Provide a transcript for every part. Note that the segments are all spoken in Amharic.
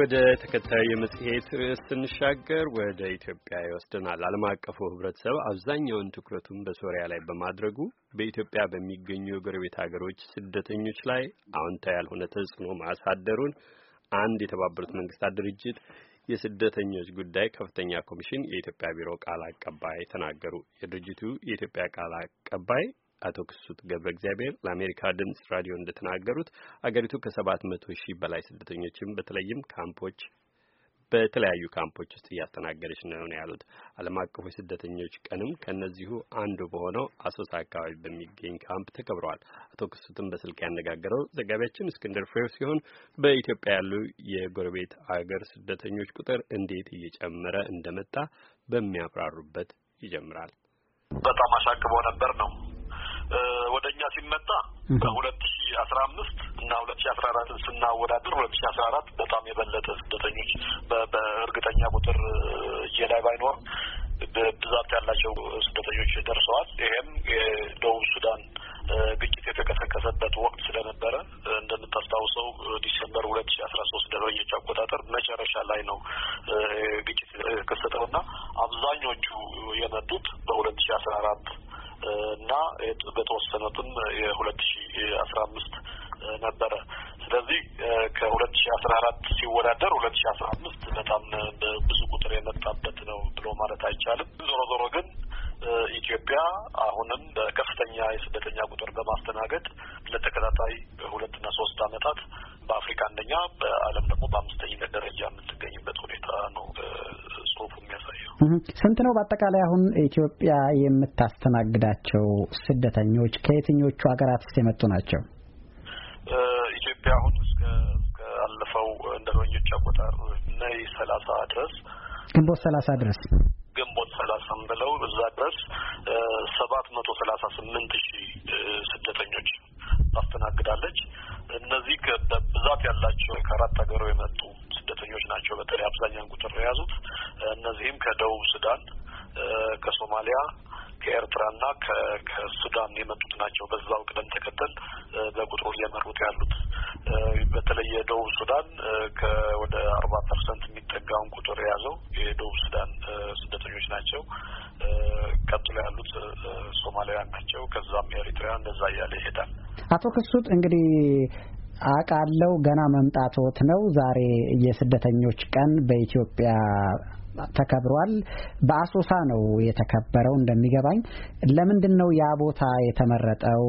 ወደ ተከታዩ የመጽሔት ርዕስ ስንሻገር ወደ ኢትዮጵያ ይወስደናል። ዓለም አቀፉ ሕብረተሰብ አብዛኛውን ትኩረቱን በሶሪያ ላይ በማድረጉ በኢትዮጵያ በሚገኙ የጎረቤት ሀገሮች ስደተኞች ላይ አዎንታ ያልሆነ ተጽዕኖ ማሳደሩን አንድ የተባበሩት መንግስታት ድርጅት የስደተኞች ጉዳይ ከፍተኛ ኮሚሽን የኢትዮጵያ ቢሮ ቃል አቀባይ ተናገሩ። የድርጅቱ የኢትዮጵያ ቃል አቀባይ አቶ ክሱት ገብረ እግዚአብሔር ለአሜሪካ ድምፅ ራዲዮ እንደተናገሩት አገሪቱ ከሰባት መቶ ሺህ በላይ ስደተኞችን በተለይም ካምፖች በተለያዩ ካምፖች ውስጥ እያስተናገደች ነው ነው ያሉት። ዓለም አቀፉ የስደተኞች ቀንም ከእነዚሁ አንዱ በሆነው አሶሳ አካባቢ በሚገኝ ካምፕ ተከብረዋል። አቶ ክሱትም በስልክ ያነጋገረው ዘጋቢያችን እስክንድር ፍሬው ሲሆን በኢትዮጵያ ያሉ የጎረቤት አገር ስደተኞች ቁጥር እንዴት እየጨመረ እንደመጣ በሚያብራሩበት ይጀምራል። በጣም አሻቅቦ ነበር ነው ወደ እኛ ሲመጣ በሁለት ሺ አስራ አምስት እና ሁለት ሺ አስራ አራትን ስናወዳድር ሁለት ሺ አስራ አራት በጣም የበለጠ ስደተኞች በእርግጠኛ ቁጥር እየ ላይ ባይኖር ብዛት ያላቸው ስደተኞች ደርሰዋል። ይሄም የደቡብ ሱዳን ግጭት የተቀሰቀሰበት ወቅት ስለነበረ እንደምታስታውሰው ዲሴምበር ሁለት ሺ አስራ ሶስት ደረጀች አቆጣጠር መጨረሻ ላይ ነው ግጭት የተከሰተው እና አብዛኞቹ የመጡት በሁለት ሺ አስራ አራት እና በተወሰኑትም የሁለት ሺ አስራ አምስት ነበረ። ስለዚህ ከሁለት ሺ አስራ አራት ሲወዳደር ሁለት ሺ አስራ አምስት በጣም ብዙ ቁጥር የመጣበት ነው ብሎ ማለት አይቻልም። ዞሮ ዞሮ ግን ኢትዮጵያ አሁንም በከፍተኛ የስደተኛ ቁጥር በማስተናገድ ለተከታታይ ሁለትና ሶስት አመታት በአፍሪካ አንደኛ፣ በዓለም ደግሞ በአምስተኝነት ደረጃ የምትገኝበት ሁኔታ ነው ስንት ነው በአጠቃላይ አሁን ኢትዮጵያ የምታስተናግዳቸው ስደተኞች ከየትኞቹ ሀገራትስ የመጡ ናቸው? ኢትዮጵያ አሁን እስከ አለፈው እንደ ሮኞች አቆጣር ነይ ሰላሳ ድረስ ግንቦት ሰላሳ ድረስ ግንቦት ሰላሳም ብለው እዛ ድረስ ሰባት መቶ ሰላሳ ስምንት ሺህ ስደተኞች ታስተናግዳለች። እነዚህ በብዛት ያላቸው ከአራት ሀገሮ የመጡ ስደተኞች ናቸው በተለይ አብዛኛውን ቁጥር የያዙት። እነዚህም ከደቡብ ሱዳን፣ ከሶማሊያ፣ ከኤርትራና ከሱዳን የመጡት ናቸው። በዛው ቅደም ተከተል በቁጥሩ እየመሩት ያሉት በተለይ የደቡብ ሱዳን ወደ አርባ ፐርሰንት የሚጠጋውን ቁጥር የያዘው የደቡብ ሱዳን ስደተኞች ናቸው። ቀጥሎ ያሉት ሶማሊያውያን ናቸው። ከዛም ኤሪትሪያ እንደዛ እያለ ይሄዳል። አቶ ክሱት እንግዲህ አቃለው ገና መምጣቶት ነው። ዛሬ የስደተኞች ቀን በኢትዮጵያ ተከብሯል። በአሶሳ ነው የተከበረው እንደሚገባኝ። ለምንድን ነው ያ ቦታ የተመረጠው?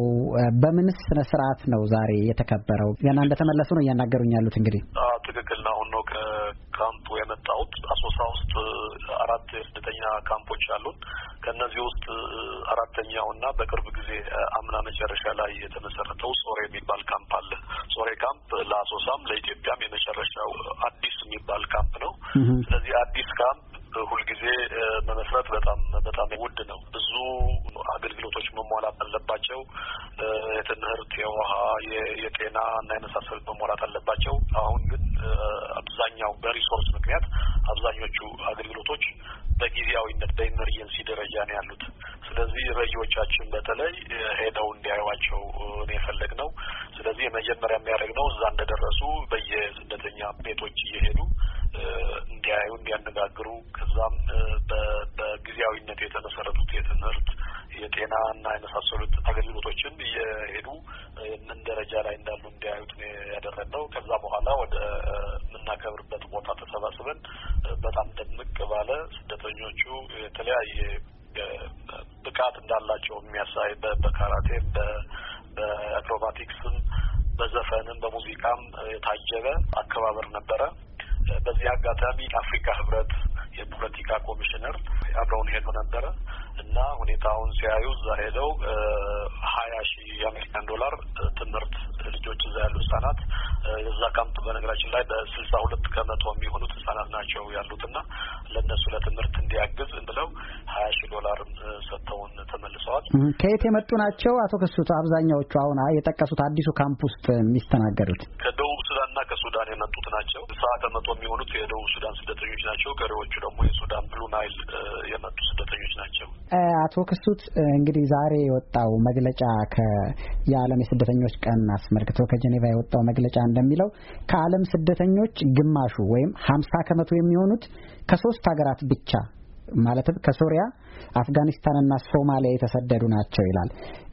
በምን ስነ ስርዓት ነው ዛሬ የተከበረው? ገና እንደተመለሱ ነው እያናገሩኝ ያሉት። እንግዲህ ትክክል ነው። አሁን ነው ካምፑ የመጣሁት አሶሳ ውስጥ አራት የስደተኛ ካምፖች አሉን። ከእነዚህ ውስጥ አራተኛው እና በቅርብ ጊዜ አምና መጨረሻ ላይ የተመሰረተው ሶሬ የሚባል ካምፕ አለ። ሶሬ ካምፕ ለአሶሳም ለኢትዮጵያም የመጨረሻው አዲስ የሚባል ካምፕ ነው። ስለዚህ አዲስ ካምፕ ሁልጊዜ መመስረት በጣም በጣም ውድ ነው። ብዙ አገልግሎቶች መሟላት አለባቸው። የትምህርት፣ የውሃ፣ የጤና እና የመሳሰሉት መሟላት አለባቸው። አሁን ግን አብዛኛው በሪሶርስ ምክንያት አብዛኞቹ አገልግሎቶች በጊዜያዊነት በኢመርጀንሲ ደረጃ ነው ያሉት። ስለዚህ ረጂዎቻችን በተለይ ሄደው እንዲያዩዋቸው ነው ነው። ስለዚህ የመጀመሪያ ነው። እዛ እንደደረሱ በየስደተኛ ቤቶች እየሄዱ እንዲያዩ እንዲያነጋግሩ፣ ከዛም በጊዜያዊነት የተመሰረቱት የትምህርት የጤና እና የመሳሰሉት አገልግሎቶችን እየሄዱ ምን ደረጃ ላይ እንዳ በዘፈንም በሙዚቃም የታጀበ አከባበር ነበረ። በዚህ አጋጣሚ የአፍሪካ ህብረት የፖለቲካ ኮሚሽነር አብረውን ሄዱ ነበረ እና ሁኔታውን ሲያዩ እዛ ሄደው ሀያ ሺ የአሜሪካን ዶላር ትምህርት ልጆች እዛ ያሉ ህጻናት የዛ ካምፕ በነገራችን ላይ በስልሳ ሁለት ከመቶ የሚሆኑት ህጻናት ናቸው እና ለእነሱ ለትምህርት እንዲያግዝ ብለው ሀያ ሺህ ዶላርም ሰጥተውን ተመልሰዋል። ከየት የመጡ ናቸው አቶ ክሱት? አብዛኛዎቹ አሁን የጠቀሱት አዲሱ ካምፕ ውስጥ የሚስተናገዱት ከሱዳን የመጡት ናቸው። ሰዓተ መቶ የሚሆኑት የደቡብ ሱዳን ስደተኞች ናቸው። ቀሪዎቹ ደግሞ የሱዳን ብሉ ናይል የመጡ ስደተኞች ናቸው። አቶ ክሱት እንግዲህ ዛሬ የወጣው መግለጫ የዓለም የስደተኞች ቀን አስመልክቶ ከጀኔቫ የወጣው መግለጫ እንደሚለው ከዓለም ስደተኞች ግማሹ ወይም ሀምሳ ከመቶ የሚሆኑት ከሶስት ሀገራት ብቻ ማለትም ከሶሪያ፣ አፍጋኒስታንና ሶማሊያ የተሰደዱ ናቸው ይላል።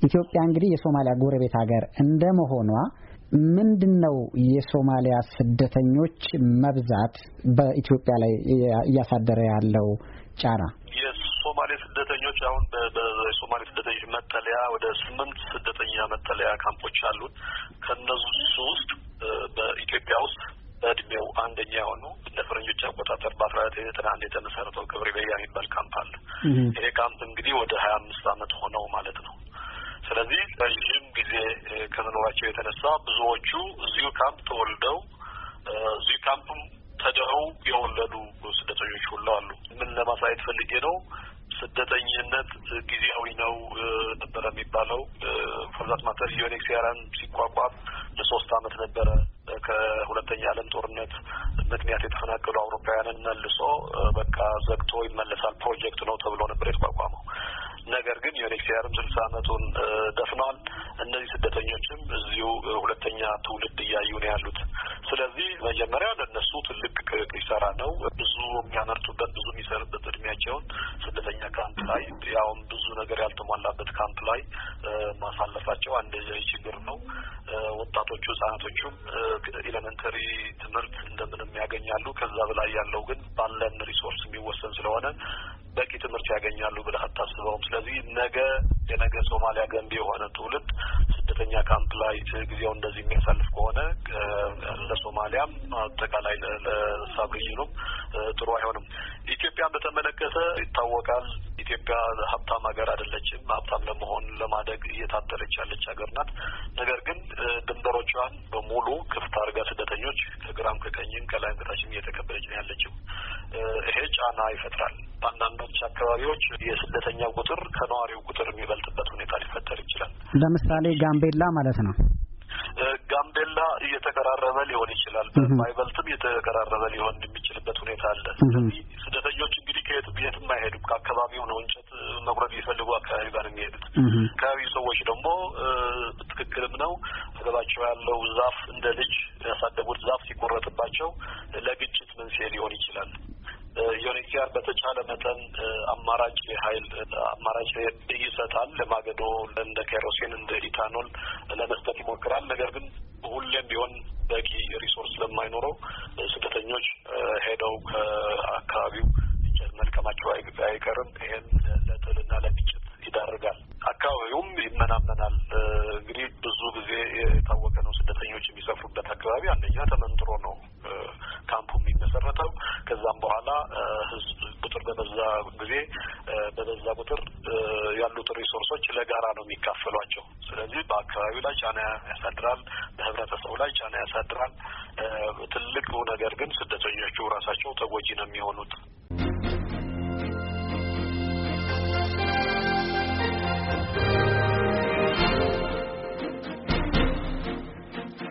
ኢትዮጵያ እንግዲህ የሶማሊያ ጎረቤት ሀገር እንደመሆኗ ምንድን ነው የሶማሊያ ስደተኞች መብዛት በኢትዮጵያ ላይ እያሳደረ ያለው ጫና? የሶማሌ ስደተኞች አሁን በሶማሌ ስደተኞች መጠለያ ወደ ስምንት ስደተኛ መጠለያ ካምፖች አሉ። ከነሱ ውስጥ በኢትዮጵያ ውስጥ በእድሜው አንደኛ የሆኑ እንደ ፈረንጆች አቆጣጠር በአስራ ዘጠኝ ዘጠና አንድ የተመሰረተው ክብር በያ የሚባል ካምፕ አለ። ይሄ ካምፕ እንግዲህ ወደ ሀያ አምስት አመት ሆነው ማለት ነው ስለዚህ ረዥም ጊዜ ከመኖራቸው የተነሳ ብዙዎቹ እዚሁ ካምፕ ተወልደው እዚሁ ካምፕም ተደው የወለዱ ስደተኞች ሁላ አሉ። ምን ለማሳየት ፈልጌ ነው? ስደተኝነት ጊዜያዊ ነው ነበረ የሚባለው። ፎርዛት ማተር ዩኤንኤችሲአርን ሲቋቋም ለሶስት አመት ነበረ። ከሁለተኛ ዓለም ጦርነት ምክንያት የተፈናቀሉ አውሮፓውያንን መልሶ በቃ ዘግቶ ይመለሳል ፕሮጀክት ነው ተብሎ ነበር የተቋቋመው። ነገር ግን ዩኤንኤችሲአርም ስልሳ ዓመቱን ደፍኗል። እነዚህ ስደተኞችም እዚሁ ሁለተኛ ትውልድ እያዩ ነው ያሉት። ስለዚህ መጀመሪያ ለእነሱ ትልቅ ኪሳራ ነው። ብዙ የሚያመርቱበት ብዙ የሚሰሩበት እድሜያቸውን ስደተኛ ካምፕ ላይ ያውም ብዙ ነገር ያልተሟላበት ካምፕ ላይ ማሳለፋቸው አንድ ችግር ነው። ወጣቶቹ ህጻናቶቹም ኤሌመንተሪ ትምህርት እንደምንም ያገኛሉ። ከዛ በላይ ያለው ግን ባለን ሪሶርስ የሚወሰን ስለሆነ በቂ ትምህርት ያገኛሉ ብለህ አታስበውም። ስለዚህ ነገ የነገ ሶማሊያ ገንቢ የሆነ ትውልድ ስደተኛ ካምፕ ላይ ጊዜው እንደዚህ የሚያሳልፍ ከሆነ ለሶማሊያም አጠቃላይ ለሳብ ጥሩ አይሆንም። ኢትዮጵያን በተመለከተ ይታወቃል። ኢትዮጵያ ሀብታም ሀገር አይደለችም። ሀብታም ለመሆን ለማደግ እየታተረች ያለች ሀገር ናት። ነገር ለምሳሌ ጋምቤላ ማለት ነው። ጋምቤላ እየተቀራረበ ሊሆን ይችላል፣ በማይበልጥም እየተቀራረበ ሊሆን የሚችልበት ሁኔታ አለ። ስለዚህ ስደተኞች እንግዲህ ከየት የትም አይሄዱም። ከአካባቢው ነው እንጨት መቁረጥ የፈልጉ አካባቢ ጋር የሚሄዱት። አካባቢው ሰዎች ደግሞ ትክክልም ነው አገባቸው ያለው ዛፍ እንደ ልጅ ያሳደጉት ዛፍ ሲቆረጥባቸው ለግጭት መንስኤ ሊሆን ይችላል። ዩኒኪያር በተቻለ መጠን አማራጭ የሀይል አማራጭ ይሰጣል። ለማገዶ እንደ ኬሮሲን እንደ ኢታኖል ለመስጠት ይሞክራል። ነገር ግን ሁሌም ቢሆን በቂ ሪሶርስ ስለማይኖረው ስደተኞች ሄደው ከአካባቢው እንጨት መልቀማቸው አይቀርም። ይሄም ለጥልና ለግጭት ይዳርጋል። አካባቢውም ይመናመናል። እንግዲህ ብዙ ጊዜ የታወቀ ነው። ስደተኞች የሚሰፍሩበት አካባቢ አንደኛ ተመንጥሮ ነው። በህብረተሰቡ ላይ ጫና ያሳድራል። ትልቁ ነገር ግን ስደተኞቹ ራሳቸው ተጎጂ ነው የሚሆኑት።